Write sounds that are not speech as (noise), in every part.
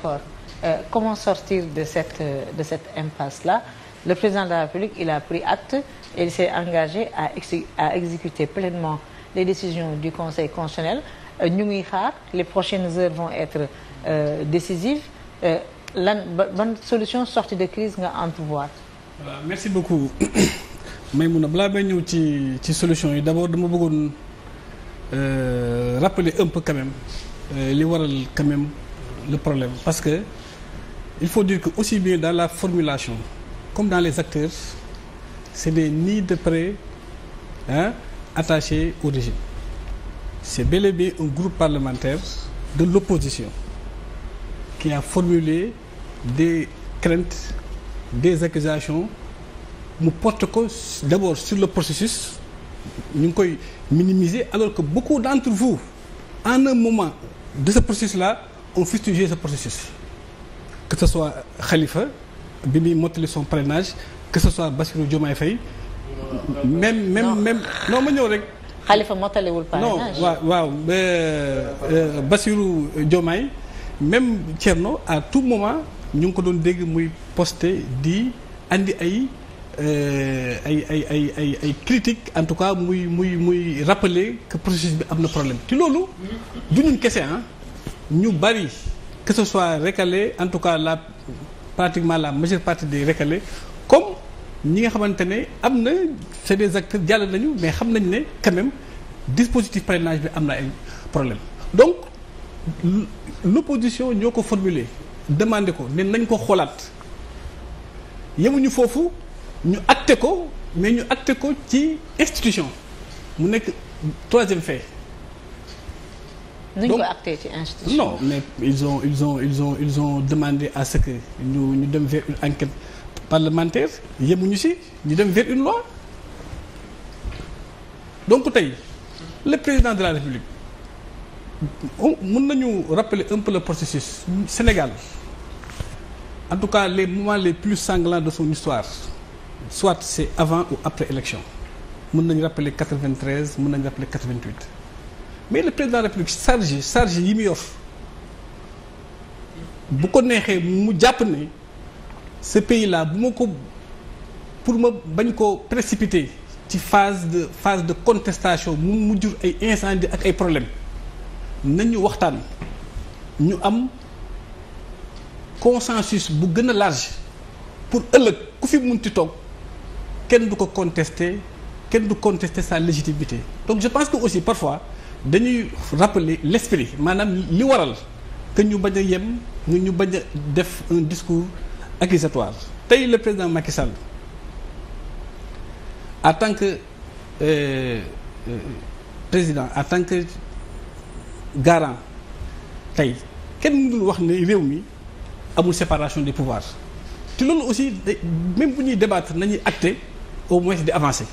accord euh, comment sortir de cette de cette impasse là le président de la République il a pris acte et il s'est engagé à exé à exécuter pleinement les décisions du Conseil constitutionnel euh, ñu ngi xaar les prochaines heures vont être euh, décisives euh, lan ban solution sortie de crise nga entrevoir. voilà merci beaucoup (coughs) Maïmouna balaa may ñëw ci ci solution yi d'abord dama bëggoon euh, rappeler un peu quand même li waral quand même. le problème parce que il faut dire que aussi bien dans la formulation comme dans les acteurs c'est des nids de près hein, attachés au régime c'est bel et bien un groupe parlementaire de l'opposition qui a formulé des craintes des accusations mu porte ko d'abord sur le processus ñu ngi koy minimiser alors que beaucoup d'entre vous en un moment de ce processus là ont fustigé ce processus que ce soit Khalifa bi muy mottali son parrainage que ce soit Bassirou Diomaye Faye même même non. même non ma ñëw rek. Khalifa mottaliwul parrainage non waaw waaw euh, euh, Bassirou Diomaye même Thierno à tout moment ñu ngi ko doon dégg muy posté di andi euh, ay. ay ay ay ay ay critique en tout cas muy muy muy rappeler que processus bi am na problème ci loolu du ñun kese ah ñu bari que ce soit recalé en tout cas la pratiquement la majeure partie des recalés comme ñi nga xamante ne am na c'est des acteurs jàll nañu mais xam nañ ne quand même dispositif parrainage bi am na ay problème donc l'opposition ñoo ko formuler demandé ko ne nañ ko xoolaat yemuñu foofu ñu acté ko mais ñu acté ko ci institution mu nekk troisième fait nu ñu ko acté ci institution. non mais ils ont ils ont ils ont ils ont demandé à ce que ñu ñu dem vers une enquête parlementaire yemuñu si ñu dem vers une loi donc tey le président de la république mun nañu rappeler un peu processus Sénégal en tout cas les moments les plus sanglants de son histoire soit c'est avant ou après élection mën nañu rappeler mun mën nañu rappeler 88. mais le président de la République charge charge yi mu yor bu ko neexee mu jàpp ne ce pays là bu ma ko pour ma bañ koo précipiter ci phase de phase de contestation mu mu jur ay incendie ak ay problèmes nañu waxtaan ñu am consensus bu gën a large pour ëllëg ku fi mun munti toog kenn du ko contester kenn du contester sa légitimité donc je pense que aussi parfois dañuy rappeler l'esprit maanaam li waral que ñu bañ a yem ñu bañ a def un discours accusatoire tey le président Macky Sall en tant que euh, euh, président en tant que garant tey kenn mënul wax ne réew mi amul séparation des pouvoirs te loolu aussi même bu ñuy débattre nañuy acté au moins di avancer.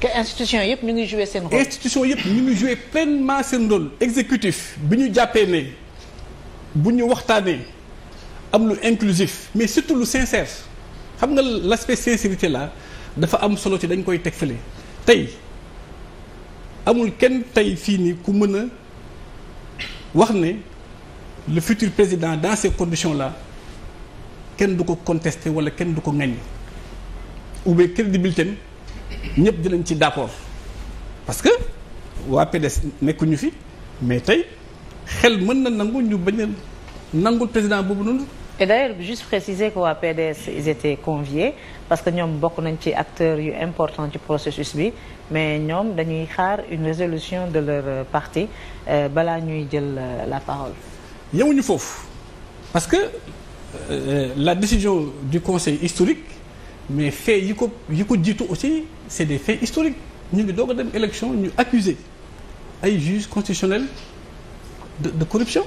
que institution yëpp ñu ngi joué seen rôle. institution yëpp ñu ngi joué pleinement seen rôle. exécutif bi ñu jàppee ne bu ñu waxtaanee am lu inclusif mais surtout lu sincère xam nga l' aspect sincérité là dafa am solo ci dañ koy teg fële tey amul kenn tey fii nii ku mën a wax ne le futur président dans ces conditions la kenn du ko contester wala kenn du ko ŋaññi ou bien crédibilité ñëpp dinañ ci d'accord parce que waa PDS nekkuñu fi mais tey xel mën na nangu ñu bañ a nangul président boobu noonu. e d'ailleurs juste préciser que waa PDS ils étaient conviés parce que ñoom bokk nañ ci acteurs yu important ci processus bi mais ñoom dañuy xaar une résolution de leur parti euh, balaa ñuy jël euh, la parole. yemuñu foofu parce que euh, la décision du conseil historique. mais fait yi ko yi ko jiitu aussi c'est des faits historiques ñu ngi doo ko dem élection ñu accuser ay juges constitutionnels de de corruption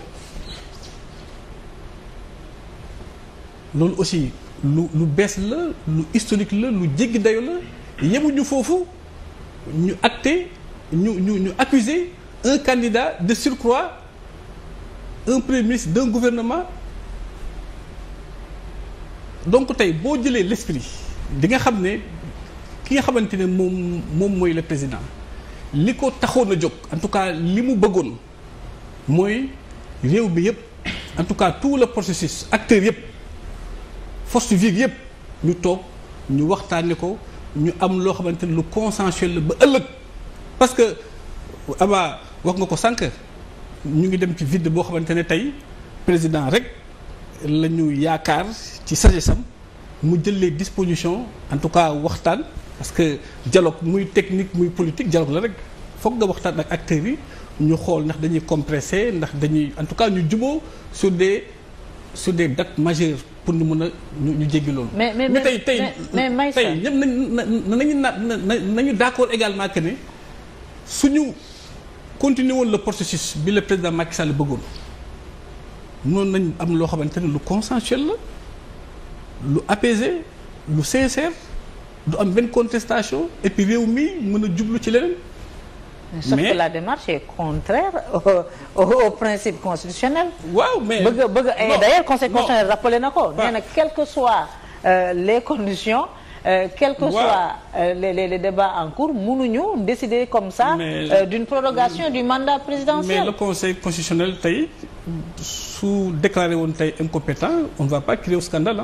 loolu aussi lu lu bees la lu historique la lu jéggi dayo la yemuñu foofu ñu acté ñu ñu ñu accuser un candidat de surcroît un premier ministre d'un gouvernement donc tey boo jëlee l'esprit di nga xam ne ki nga xamante ne moom moom mooy le président li ko taxoon a jóg en tout cas li mu bëggoon mooy réew bi yëpp en tout cas tout le processus acteurs yëpp force vive yëpp ñu toog ñu waxtaanee ko ñu am loo xamante ne lu consensuel la ba ëllëg parce que Aba wax nga ko sànq ñu ngi dem ci vide boo xamante ne tey président rek la ñu yaakaar ci sagesse mu jël les dispositions en tout cas waxtaan parce que dialogue muy technique muy politique dialogue la rek foog nga waxtaan ak acteurs yi ñu xool ndax dañuy compressé ndax dañuy en tout cas ñu juboo sur des su des dates majeures pour ñu mën a ñu jéggi loolu. mais mais tey tey tey ñëpp nañu na nañu d'accord également que ne suñu continuer woon le processus bi le président Macky Sall bëggoon noonu nañ am loo xamante ne lu consensuel la. lu apaisé lu sincère du am benn contestation et puis réew mi mën a jublu ci leneen. mais... la démarche est contraire au, principe constitutionnel. waaw mais bëgg bëgg a d'ailleurs conseil constitutionnel rappelé na ko. nee na quel que soit euh, les conditions. Euh, quel que wow. soit euh, les, les les débats en cours mënuñu décider comme ça. Euh, d'une prorogation du mandat présidentiel. mais le conseil constitutionnel tey su déclaré woon tey incompétent on ne va pas créer au scandale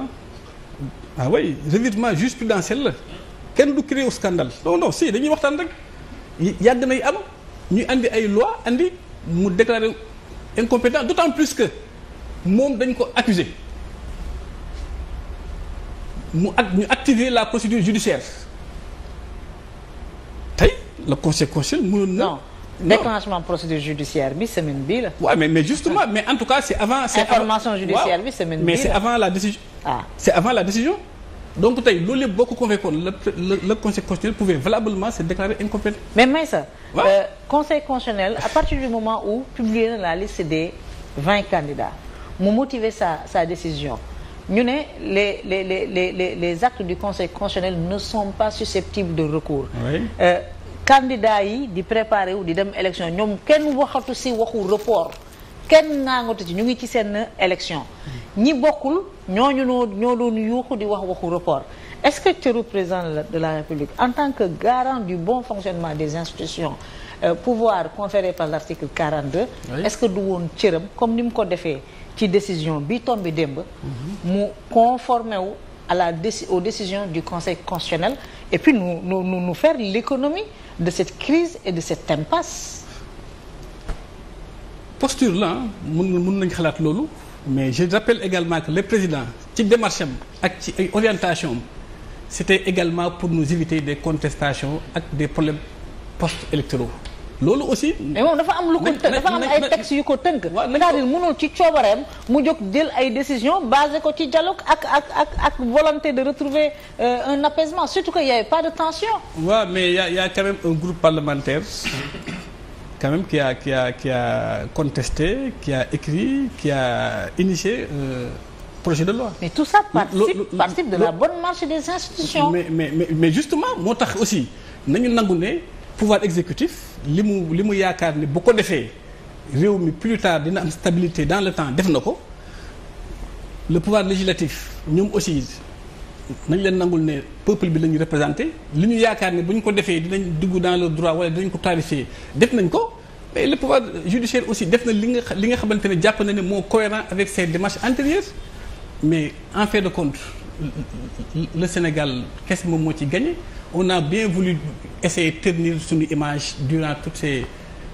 ah oui revirement jurisprudentiel la kenn du créer scandale non non si dañuy waxtaan rek yàgg nay am ñu andi ay loi indi mu déclaré incompétent d'autant plus que moom dañ ko accusé mu ak ñu activer la procédure judiciaire tey le conseil constitutionnel mënoon non déclenchement procédure judiciaire bi semaine bii la. waaw mais mais justement mais en tout cas c'est avant. c'est avant la décision. ah c'est avant la décision donc tey loolu yëpp boo ko convoqué le le conseil constitutionnel pouvait valablement se déclarer incompétent. mais Maïssa. waaw euh, conseil constitutionnel à partir du moment où publier na la liste des vingt candidats mu motiver sa sa décision ñu ne les les les les les actes du conseil constitutionnel ne sont pas susceptibles de recours. oui euh, candidats yi di préparer wu di dem élection ñoom kenn waxatu ci waxu report. kenn naangatu ci ñu ngi ci seen élection ñi bokkul ñoo ñu noo ñoo doon yuuxu di wax waxu report est-ce que cëru président de la République en tant que garant du bon fonctionnement des institutions euh, pouvoir conféré par l'article 42 est-ce que du woon cëram comme ni mu ko defee ci décision bi tombé démb mu conformé wu à la déci aux décisions du Conseil constitutionnel et puis nous nous nous, nous faire l'économie de cette crise et de cette impasse posture la mun mun nañ xalaat loolu mais je rappelle également que le président ci démarche am ak ci ay orientation am c'était également pour nous éviter des contestations ak des problèmes post-électoraux loolu aussi. mais moom dafa am lu ko tënk dafa am ay textes yu ko tënk. c'est-à-dire mënul ci coobareem mu jóg jël ay décision basé ko ci dialogue ak ak ak ak volonté de retrouver euh, un apaisement surtout que y avait pas de tension. waaw mais y a y a quand un groupe parlementaire. quand même a ki a qui a contesté qui a écrit qui a initié euh, projet de loi. mais tout ça participe le, de la bonne marche des institutions. mais mais mais, mais justement moo tax aussi nañu nangu ne pouvoir exécutif li mu li mu yaakaar ne bu ko defee réew mi plus tard dina am stabilité dans le temps def na ko le pouvoir législatif ñoom aussi. nañ leen nangul ne peuple bi la ñu représenté li ñu yaakaar ne bu ko defee dinañ dugg dans le droit wala dinañ ko tarifier def nañ ko mais le pouvoir judiciaire aussi def na li nga li nga xamante ne jàpp nañ ne moo cohérent avec ses démarches antérieures mais en fait de compte le Sénégal quest moom moo ci gagné on a bien voulu essayer ternir suñu image durant toutes ces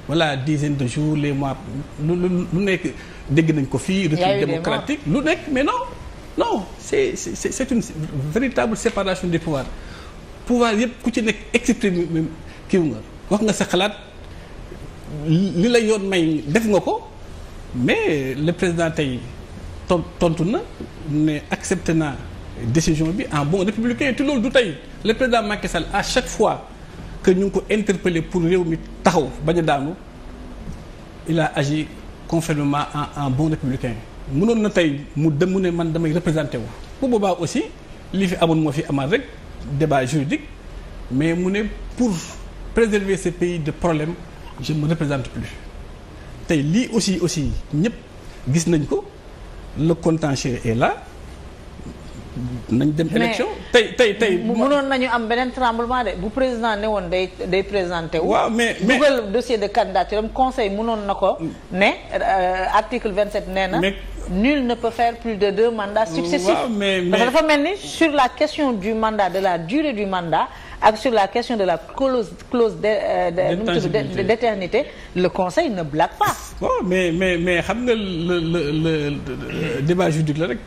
voilà dizaines de jours les mois lu lu nekk dégg nañ ko fii. recul démocratique lu nekk mais non. non c'est c'est c'est une véritable séparation des pouvoirs pouvoir yëpp ku ci nekk exprimer kiw nga wax nga sa xalaat li la yoon may def nga ko mais le président tey ton tontu na ne accepté naa décision bi en bon républicain te loolu du tey le président Macky sale à chaque fois que ñu ngi ko interpellé pour réew mi taxaw bañ a daanu i a agi conformément en en bon républicain munoon na tey mu dem mu ne man damay représenté wu bu boobaa aussi li fi amoon moo fi amaat rek débat juridique mais mu ne pour préserver ce pays de problème je ne me représente plus tey lii aussi aussi ñëpp gis nañ ko le contentieux et la nañ dem élection tey tey tey mënoon nañu am beneen tremblement de bu président ne woon day day présenté wu waaw mais mais dugal dossier de candidature am conseil mënoon na ko ne euh, article 27 nee na nul ne peut faire plus de deux mandats successifs. waaw mais dafa mel ni sur la question du mandat de la durée du mandat ak sur la question de la clause clause de euh, de d'éternité le conseil ne blague pas. mais mais mais xam nga le le débat juridique la rek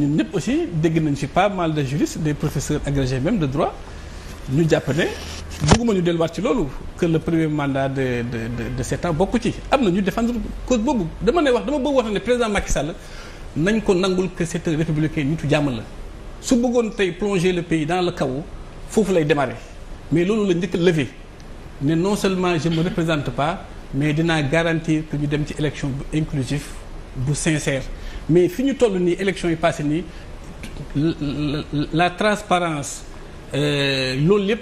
ñun ñëpp aussi dégg nañ ci pas mal de juristes des professeurs agrégés même de droit ñu jàpp bëgguma ñu delluwaat ci loolu que le premier mandat de de bokk ci am na ñu défendre cause boobu dama ne wax dama bëgg wax ne président Macky Sall nañ ko nangul que c'est un républicain nitu jàmm la su bëggoon tey plonger le pays dans le kaw foofu lay démarrer mais loolu la njëkk a lever ne non seulement je me représente pas mais dinaa garantir que ñu dem ci élection bu inclusif bu sincère mais fi ñu toll nii élection yi passé nii la transparence euh, loolu lépp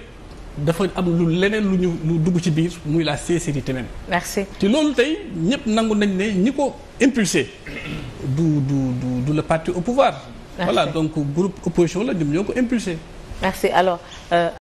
dafa am lu leneen lu ñu lu dugg ci biir muy la sincérité même. merci te loolu tey ñëpp nangu nañ ne ñi ko impulsé du du du du le parti au pouvoir. voilà donc groupe opposition la ñoom ñoo ko impulsé. merci alors. Euh,